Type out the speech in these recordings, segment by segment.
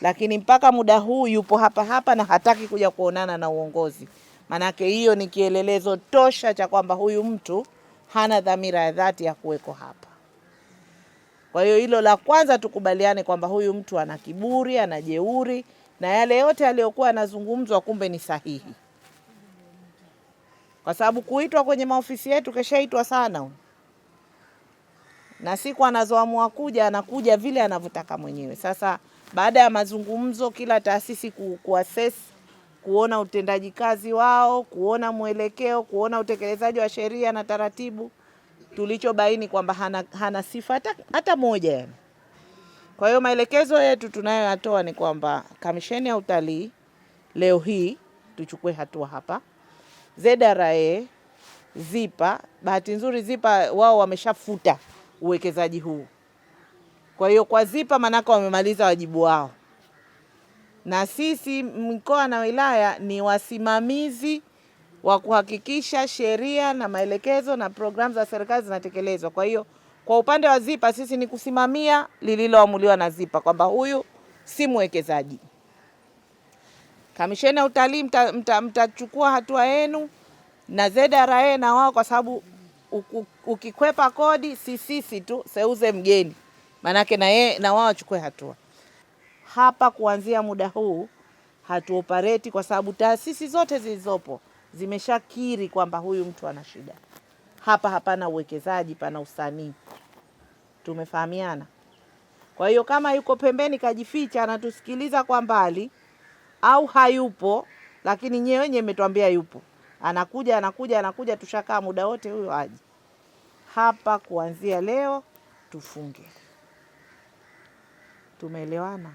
lakini mpaka muda huu yupo hapa hapa na hataki kuja kuonana na uongozi. Manake hiyo ni kielelezo tosha cha kwamba huyu mtu hana dhamira ya dhati ya kuweko hapa. Kwa hiyo hilo la kwanza tukubaliane kwamba huyu mtu ana kiburi, ana jeuri na yale yote aliyokuwa anazungumzwa kumbe ni sahihi, kwa sababu kuitwa kwenye maofisi yetu keshaitwa sana, na siku anazoamua kuja anakuja vile anavyotaka mwenyewe. Sasa baada ya mazungumzo, kila taasisi kuassess, kuona utendaji kazi wao, kuona mwelekeo, kuona utekelezaji wa sheria na taratibu, tulichobaini kwamba hana, hana sifa hata, hata moja yani. Kwa hiyo maelekezo yetu tunayoyatoa ni kwamba Kamisheni ya Utalii leo hii tuchukue hatua hapa. ZRA, ZIPA, bahati nzuri ZIPA wao wameshafuta uwekezaji huu kwa hiyo kwa ZIPA maanake wamemaliza wajibu wao, na sisi mikoa na wilaya ni wasimamizi wa kuhakikisha sheria na maelekezo na programu za serikali zinatekelezwa. Kwa hiyo kwa upande wa ZIPA sisi ni kusimamia lililoamuliwa na ZIPA kwamba huyu si mwekezaji. Kamisheni ya utalii mtachukua mta, mta hatua yenu na ZRA na wao, kwa sababu ukikwepa kodi si sisi tu seuze mgeni maanake na yeye na wao wachukue hatua. Hapa kuanzia muda huu hatuopareti, kwa sababu taasisi zote zilizopo zimeshakiri kwamba huyu mtu ana shida hapa. Hapana uwekezaji, pana usanii. Tumefahamiana? Kwa hiyo kama yuko pembeni kajificha, anatusikiliza kwa mbali, au hayupo, lakini nyewe wenyewe mmetwambia yupo, anakuja anakuja anakuja, tushakaa muda wote huyo aje hapa. Kuanzia leo tufunge. Tumeelewana?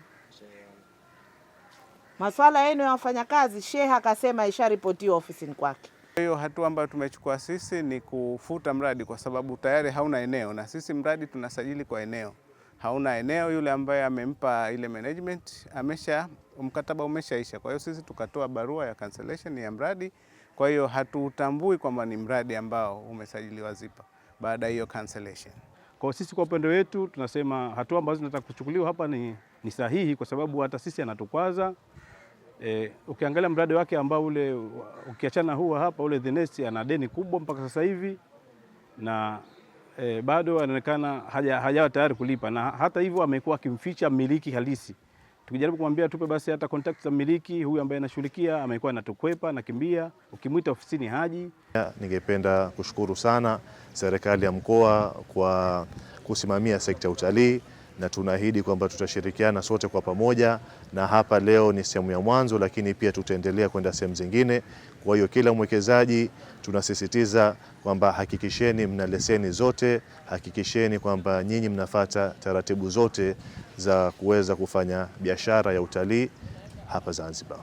Maswala yenu ya wafanyakazi, sheha akasema isharipotiwa ofisini kwake. Hiyo hatua ambayo tumechukua sisi ni kufuta mradi kwa sababu tayari hauna eneo, na sisi mradi tunasajili kwa eneo, hauna eneo. Yule ambaye amempa ile management amesha, mkataba umeshaisha. Kwa hiyo sisi tukatoa barua ya cancellation ya mradi, kwa hiyo hatuutambui kwamba ni mradi ambao umesajiliwa ZIPA baada ya hiyo cancellation. Kwa sisi kwa upande wetu tunasema hatua ambazo zinataka kuchukuliwa hapa ni, ni sahihi kwa sababu hata sisi anatukwaza e, ukiangalia mradi wake ambao ule ukiachana huwa hapa ule The Nest ana deni kubwa mpaka sasa hivi na e, bado anaonekana hajawa haja tayari kulipa na hata hivyo amekuwa akimficha mmiliki halisi tukijaribu kumwambia tupe basi hata contact za mmiliki huyu ambaye anashughulikia, amekuwa anatukwepa, nakimbia, ukimwita ofisini haji. Ningependa kushukuru sana serikali ya mkoa kwa kusimamia sekta ya utalii na tunaahidi kwamba tutashirikiana sote kwa pamoja, na hapa leo ni sehemu ya mwanzo, lakini pia tutaendelea kwenda sehemu zingine. Kwa hiyo kila mwekezaji tunasisitiza kwamba hakikisheni mna leseni zote, hakikisheni kwamba nyinyi mnafata taratibu zote za kuweza kufanya biashara ya utalii hapa Zanzibar.